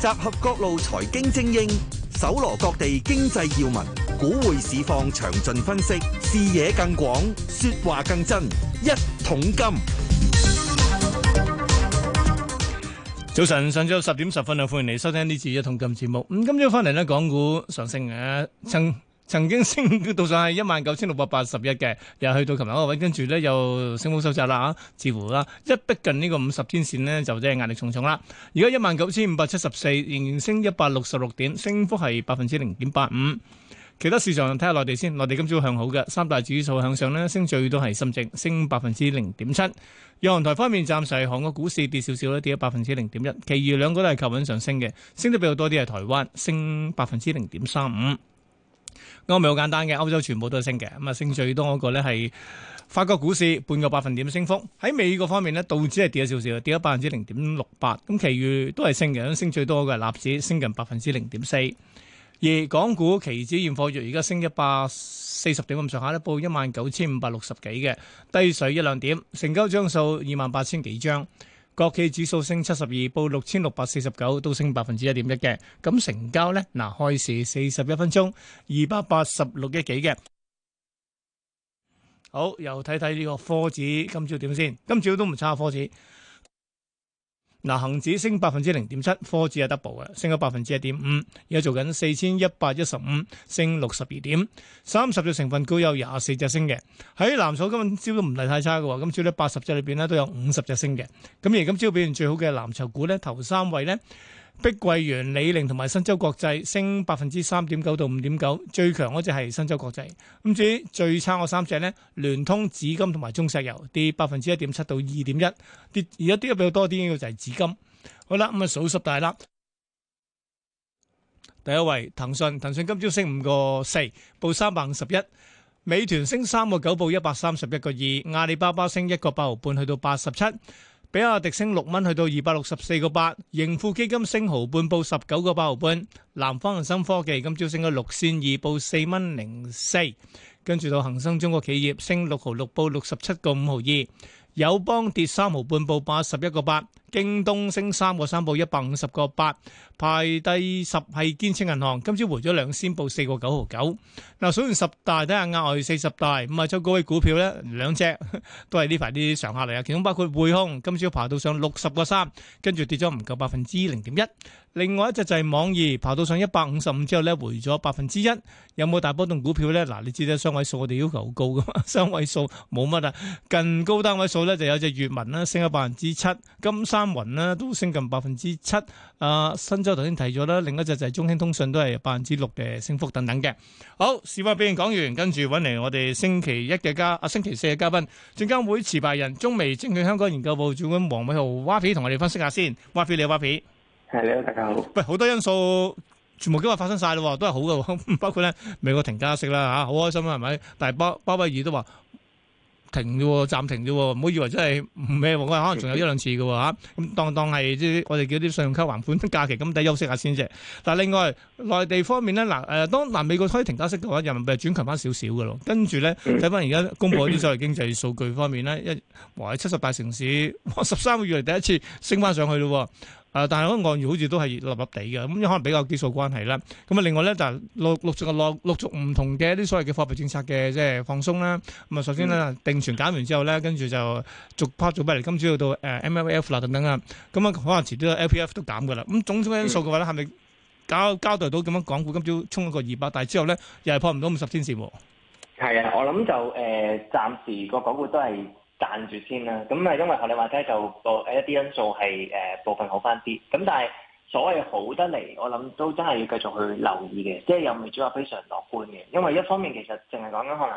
集合各路財經精英，搜羅各地經濟要聞，股匯市況詳盡分析，視野更廣，說話更真。一桶金，早晨，上晝十點十分啊！歡迎你收聽呢次一桶金節目。咁今朝翻嚟呢，港股上升誒，升。曾經升到上係一萬九千六百八十一嘅，又去到琴日嗰個位，跟住咧又升幅收窄啦，啊，似乎啦一逼近呢個五十天線呢，就真係壓力重重啦。而家一萬九千五百七十四，仍然升一百六十六點，升幅係百分之零點八五。其他市場睇下內地先，內地今朝向好嘅，三大指數向上呢，升最多係深圳，升百分之零點七。若台方面暫時，韓國股市跌少少啦，跌咗百分之零點一，其餘兩個都係靠穩上升嘅，升得比較多啲係台灣，升百分之零點三五。歐美好簡單嘅，歐洲全部都係升嘅，咁啊升最多嗰個咧係法國股市半個百分點升幅。喺美國方面咧，道指係跌咗少少，跌咗百分之零點六八，咁其餘都係升嘅，咁升最多嘅係納指升近百分之零點四，而港股期指現貨月而家升一百四十點咁上下啦，報一萬九千五百六十幾嘅，低水一兩點，成交張數二萬八千幾張。國企指數升七十二，報六千六百四十九，都升百分之一點一嘅。咁成交咧，嗱，開市四十一分鐘，二百八十六億幾嘅。好，又睇睇呢個科指今朝點先？今朝都唔差科指。嗱，恒指升百分之零點七，科指係 double 嘅，升咗百分之一點五，而家做緊四千一百一十五，升六十二點，三十隻成分股有廿四隻升嘅，喺藍籌今日朝都唔係太差嘅，咁朝呢八十隻裏邊呢都有五十隻升嘅，咁而今朝表現最好嘅藍籌股呢，頭三位呢。碧桂園、李寧同埋新洲國際升百分之三點九到五點九，最強嗰隻係新洲國際。咁至於最差嗰三隻呢，聯通、紫金同埋中石油跌百分之一點七到二點一，跌而家跌得比較多啲嘅就係紫金。好啦，咁啊數十大啦。第一位騰訊，騰訊今朝升五個四，報三百五十一；美團升三個九，報一百三十一個二；阿里巴巴升一個八毫半，去到八十七。比亞迪升六蚊，去到二百六十四個八。盈富基金升毫半，報十九個八毫半。南方恒生科技今朝升咗六線二，報四蚊零四。跟住到恒生中國企業升六毫六，報六十七個五毫二。友邦跌三毫半，報八十一個八。京東升三個三，報一百五十個八。排第十係建設銀行，今朝回咗兩仙，報四個九毫九。嗱，數完十大，睇下額外四十大五啊周高位股票咧，兩隻都係呢排啲常客嚟啊。其中包括匯控，今朝爬到上六十個三，跟住跌咗唔夠百分之零點一。另外一隻就係網易，爬到上一百五十五之後咧，回咗百分之一。有冇大波動股票咧？嗱，你知啦，雙位數我哋要求好高噶嘛，雙位數冇乜啊。近高單位數咧就有隻粵文啦，升咗百分之七，金山。三雲咧都升近百分之七，阿、啊、新洲，頭先提咗啦，另一隻就係中興通訊都係百分之六嘅升幅等等嘅。好，事話俾人講完，跟住搵嚟我哋星期一嘅嘉，阿、啊、星期四嘅嘉賓，證監會持牌人中微證券香港研究部主管黃偉豪 w a p i 同我哋分析下先。w a p i 你好，Yapi 係，你好，大家好。喂，好多因素全部今日發生晒咯，都係好噶，包括咧美國停加息啦吓，好、啊、開心啊，係咪？但係包鮑威爾都話。停嘅喎，暫停嘅喎，唔好以為真係唔咩喎，可能仲有一兩次嘅喎嚇，咁、啊、當當係啲、就是、我哋叫啲信用卡還款的假期咁，等休息下先啫。嗱，另外內地方面咧，嗱、啊、誒，當南美國推停加息嘅話，人民幣轉強翻少少嘅咯，跟住咧睇翻而家公布啲所謂經濟數據方面咧，一話係七十大城市十三個月嚟第一次升翻上去咯。誒，但係嗰個外匯好似都係立立地嘅，咁因為可能比較基數關係啦。咁啊，另外咧就陸陸續陸陸續唔同嘅一啲所謂嘅貨幣政策嘅即係放鬆啦。咁啊，首先咧定存減完之後咧，跟住就逐 part 做翻嚟。今朝要到誒 MLF 啦等等啊，咁啊可能遲啲個 LPF 都減噶啦。咁種種嘅因素嘅話咧，係咪交交代到咁樣？港股今朝衝咗個二百，但係之後咧又係破唔到五十天線喎。係啊，我諗就誒，暫時個港股都係。攢住先啦，咁誒因為學你話齋就部誒一啲因素係誒部分好返啲，咁但係所謂好得嚟，我諗都真係要繼續去留意嘅，即係又唔係話非常樂觀嘅，因為一方面其實淨係講緊可能誒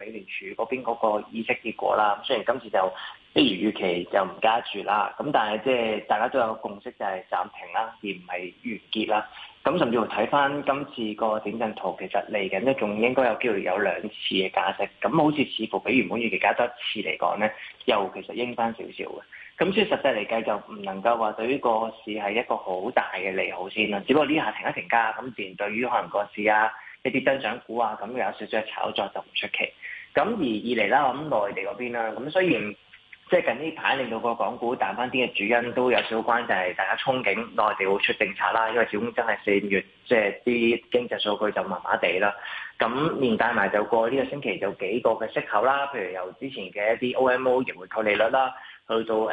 美聯儲嗰邊嗰個議息結果啦，咁雖然今次就不如預期就唔加住啦，咁但係即係大家都有個共識就係暫停啦，而唔係完結啦。咁甚至乎睇翻今次個點陣圖，其實嚟緊咧，仲應該有機會有兩次嘅加息。咁好似似乎比原本預期加多一次嚟講咧，又其實應翻少少嘅。咁所以實際嚟計就唔能夠話對於個市係一個好大嘅利好先啦。只不過呢下停一停加，咁自然對於可能個市啊一啲增長股啊，咁有少少炒作就唔出奇。咁而二嚟啦，咁內地嗰邊啦，咁雖然。嗯即係近呢排令到個港股彈翻啲嘅主因都有少少關係，就係、是、大家憧憬內地會出政策啦。因為始終真係四五月即係啲經濟數據就麻麻地啦。咁連帶埋就過呢個星期就幾個嘅息口啦，譬如由之前嘅一啲 O M O 融回購利率啦，去到誒誒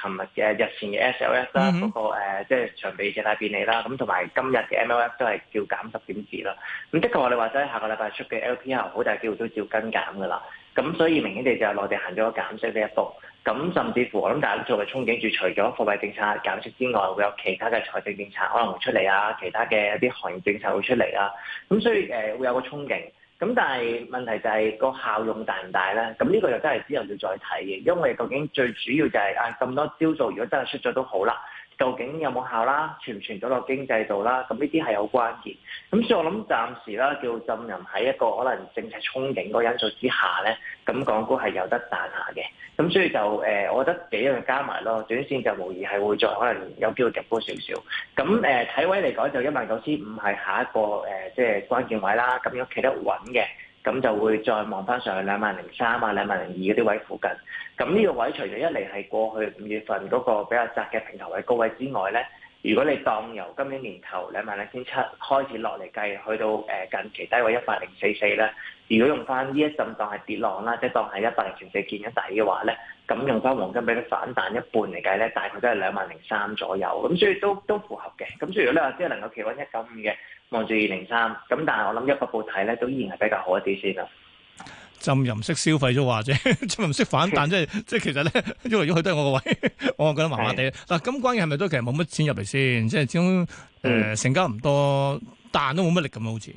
琴日嘅、呃、日前嘅 S L、嗯、哼 F 啦、那個，嗰、呃、個即係常備借貸便利啦。咁同埋今日嘅 M L F 都係照減十點字啦。咁的確我哋話齋下個禮拜出嘅 L P R 好大機會都照跟減㗎喇。咁所以明顯地就係內地行咗個減息呢一步，咁甚至乎我諗大家做嘅憧憬住，除咗貨幣政策減息之外，會有其他嘅財政政策可能會出嚟啊，其他嘅一啲行業政策會出嚟啊，咁所以誒、呃、會有個憧憬，咁但係問題就係、是、個效用大唔大咧？咁呢個就真係之後要再睇嘅，因為究竟最主要就係、是、啊咁多招數，如果真係出咗都好啦。究竟有冇效啦？傳唔傳到落經濟度啦？咁呢啲係好關鍵。咁所以我諗暫時啦，叫浸人喺一個可能政策憧憬嗰因素之下咧，咁港股係有得彈下嘅。咁所以就誒、呃，我覺得幾樣加埋咯。短線就無疑係會再可能有機會入高少少。咁誒睇位嚟講就一萬九千五係下一個誒，即、呃、係、就是、關鍵位啦。咁樣企得穩嘅。咁就會再望翻上去兩萬零三啊，兩萬零二嗰啲位附近。咁呢個位除咗一嚟係過去五月份嗰個比較窄嘅平台位高位之外咧，如果你當由今年年頭兩萬兩千七開始落嚟計，去到誒近期低位一百零四四咧，如果用翻呢一陣當係跌浪啦，即係當係一百零四四見咗底嘅話咧，咁用翻黃金俾佢反彈一半嚟計咧，大概都係兩萬零三左右。咁所以都都符合嘅。咁所以如果你話，即係能夠企穩一九五嘅。望住二零三，咁但係我諗一步步睇咧，都依然係比較好一啲先啦。就唔識消費咗或者即係唔識反彈， 即係即係其實咧，因為如果都係我個位，我覺得麻麻地啦。咁是關鍵係咪都其實冇乜錢入嚟先，即係總誒成交唔多，但都冇乜力咁好似。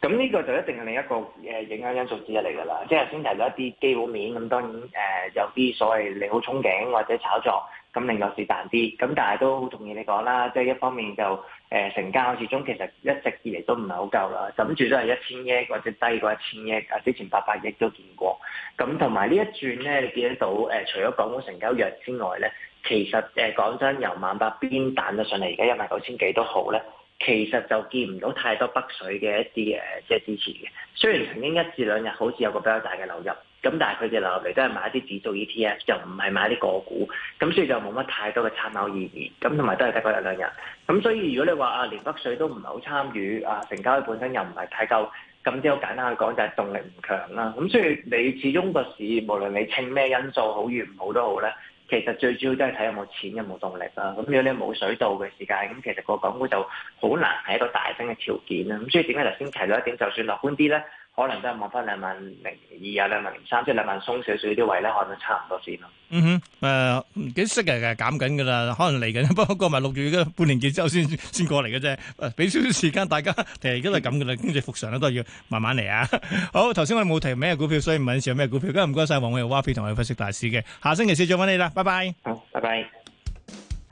咁呢、嗯、個就一定係另一個誒影響因素之一嚟噶啦。即係先提到一啲基本面，咁當然誒、呃、有啲所謂利好憧憬或者炒作，咁令落市淡啲，咁、嗯、但係都好同意你講啦，即係一方面就誒、呃、成交始終其實一直以嚟都唔係好夠啦，諗住都係一千億或者低過一千億啊，之前八百億都見過。咁同埋呢一轉咧，你見得到誒、呃，除咗港股成交弱之外咧，其實誒、呃、講真，由萬八邊彈到上嚟而家一萬九千幾都好咧，其實就見唔到太多北水嘅一啲嘅即係支持嘅。雖然曾經一至兩日好似有個比較大嘅流入。咁但係佢哋留嚟都係買一啲指數 ETF，又唔係買啲個股，咁所以就冇乜太多嘅參考意義。咁同埋都係得嗰一兩日。咁所以如果你話啊，連北水都唔係好參與，啊成交本身又唔係太夠，咁即好簡單去講就係動力唔強啦。咁所以你始終個市無論你稱咩因素好與唔好都好咧，其實最主要都係睇有冇錢，有冇動力啦。咁如果你冇水到嘅時間，咁其實個港股就好難喺一個大升嘅條件啦。咁所以點解頭先提到一點，就算樂觀啲咧？可能都係望翻兩萬零二啊，兩萬零三，即係兩萬鬆少少啲位咧，可能差唔多先咯。嗯哼，誒，幾息嘅嘅減緊噶啦，可能嚟緊，不過過埋六月嘅半年期之後先先過嚟嘅啫。誒，俾少少時間大家，誒，而家都係咁噶啦，經濟復常咧都係要慢慢嚟啊。好，頭先我哋冇提咩股票，所以唔問持有咩股票。今日唔該晒黃偉豪、Wafi 同我哋分析大市嘅，下星期四再翻你啦。拜拜。好，拜拜。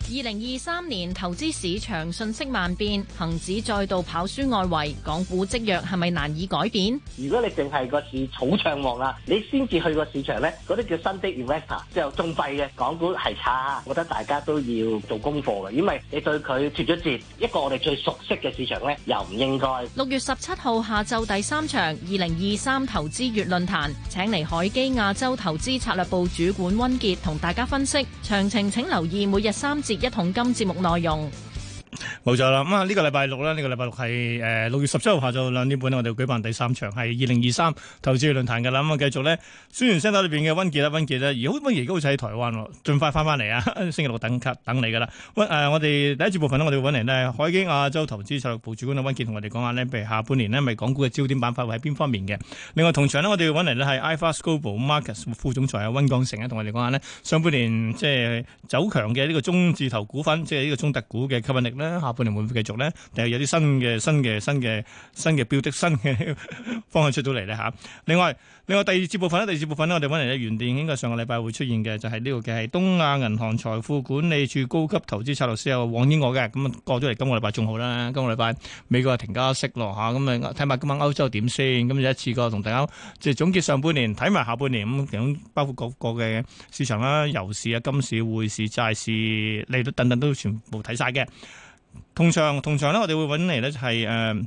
二零二三年投資市場瞬息萬變，恒指再度跑輸外圍，港股積弱係咪難以改變？如果你淨係個市草唱望啦，你先至去個市場呢，嗰啲叫新的 investor，就中幣嘅港股係差，我覺得大家都要做功課嘅，因為你對佢脱咗節，一個我哋最熟悉嘅市場呢，又唔應該。六月十七號下晝第三場二零二三投資月論壇，請嚟海基亞洲投資策略部主管溫傑同大家分析詳情，請留意每日三節一桶金節目內容。冇錯啦，咁啊呢個禮拜六呢？呢、這個禮拜六係誒六月十七號下晝兩點半我哋舉辦第三場係二零二三投資論壇嘅啦，咁、嗯、啊繼續呢，先完聲帶裏邊嘅温傑啦，温傑啦，而溫好温而家好似喺台灣喎，盡快翻翻嚟啊！星期六等級等你嘅啦，温、嗯呃、我哋第一節部分呢，我哋會揾嚟呢海經亞洲投資策劃部主管啊温傑同我哋講下呢，譬如下半年呢，咪港股嘅焦點板塊會喺邊方面嘅？另外同場呢，我哋要揾嚟咧係 i f i s t Global Markets 副總裁啊温江成啊，同我哋講下呢，上半年即係走強嘅呢個中字頭股份，即係呢個中特股嘅吸引力咧。半年會唔會繼續咧，定係有啲新嘅、新嘅、新嘅、新嘅標的、新嘅方向出到嚟咧嚇。另外，另外第二節部分咧，第二節部分咧，我哋揾嚟嘅原電應該上個禮拜會出現嘅，就係呢個嘅係東亞銀行財富管理處高級投資策略師啊，黃偉豪嘅咁啊過咗嚟。今個禮拜仲好啦，今個禮拜美國係停加息落下咁啊，睇埋今晚歐洲點先咁有一次過同大家即係總結上半年睇埋下半年咁，包括各個嘅市場啦、油市啊、金市、匯市、債市利率等等都全部睇曬嘅。通常，通常咧，我哋會搵嚟咧就係誒。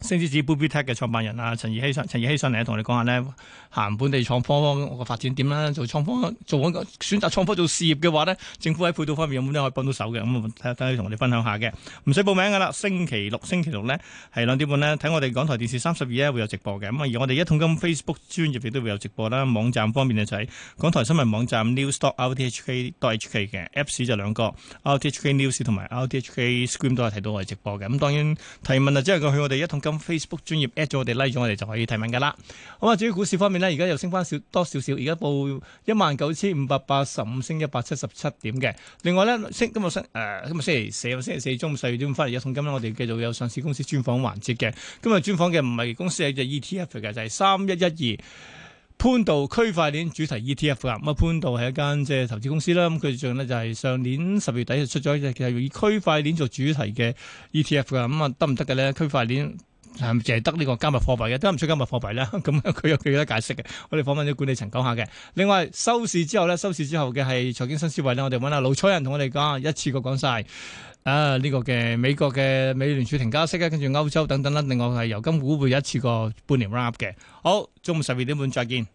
星之子 Bull.b Tech 嘅創辦人啊，陳易希，希上，陳易希上嚟同我哋講下呢，行本地創科個發展點啦，做創科做嗰個選擇創科做事業嘅話呢，政府喺配套方面有冇啲可以幫到手嘅？咁睇睇佢同我哋分享下嘅，唔使報名㗎喇，星期六星期六呢係兩點半呢，睇我哋港台電視三十二咧會有直播嘅。咁、嗯、啊，而我哋一桶金 Facebook 專頁亦都會有直播啦，網站方面就係港台新聞網站 news.rthk.hk 嘅 Apps 就兩個 RTHK News 同埋 RTHK Screen 都係睇到我哋直播嘅。咁、嗯、當然提問啊，即係佢去我哋一桶金 Facebook 專業 at 咗我哋拉咗我哋就可以提問噶啦。好啊，至於股市方面呢，而家又升翻少多少少，而家報一萬九千五百八十五，升一百七十七點嘅。另外呢，升今日升誒，今日，呃、星期四，星期四中午四點翻嚟一桶金啦。今我哋繼續有上市公司專訪環節嘅。今日專訪嘅唔係公司，係隻 ETF 嘅，就係三一一二潘度區塊鏈主題 ETF 啦。咁、嗯、啊，潘度係一間即係投資公司啦。咁佢仲呢，就係、是、上年十月底就出咗一隻叫以區塊鏈做主題嘅 ETF 噶。咁、嗯、啊，得唔得嘅咧？區塊鏈係咪淨係得呢個加密貨幣嘅？都唔出加密貨幣咧，咁佢有佢有得解釋嘅。我哋訪問咗管理層講下嘅。另外收市之後咧，收市之後嘅係財經新思維咧，我哋揾下老彩人同我哋講一次過講曬啊呢個嘅美國嘅美聯儲停加息咧，跟住歐洲等等啦。另外係油金股會有一次過半年 wrap 嘅。好，中午十二點半再見。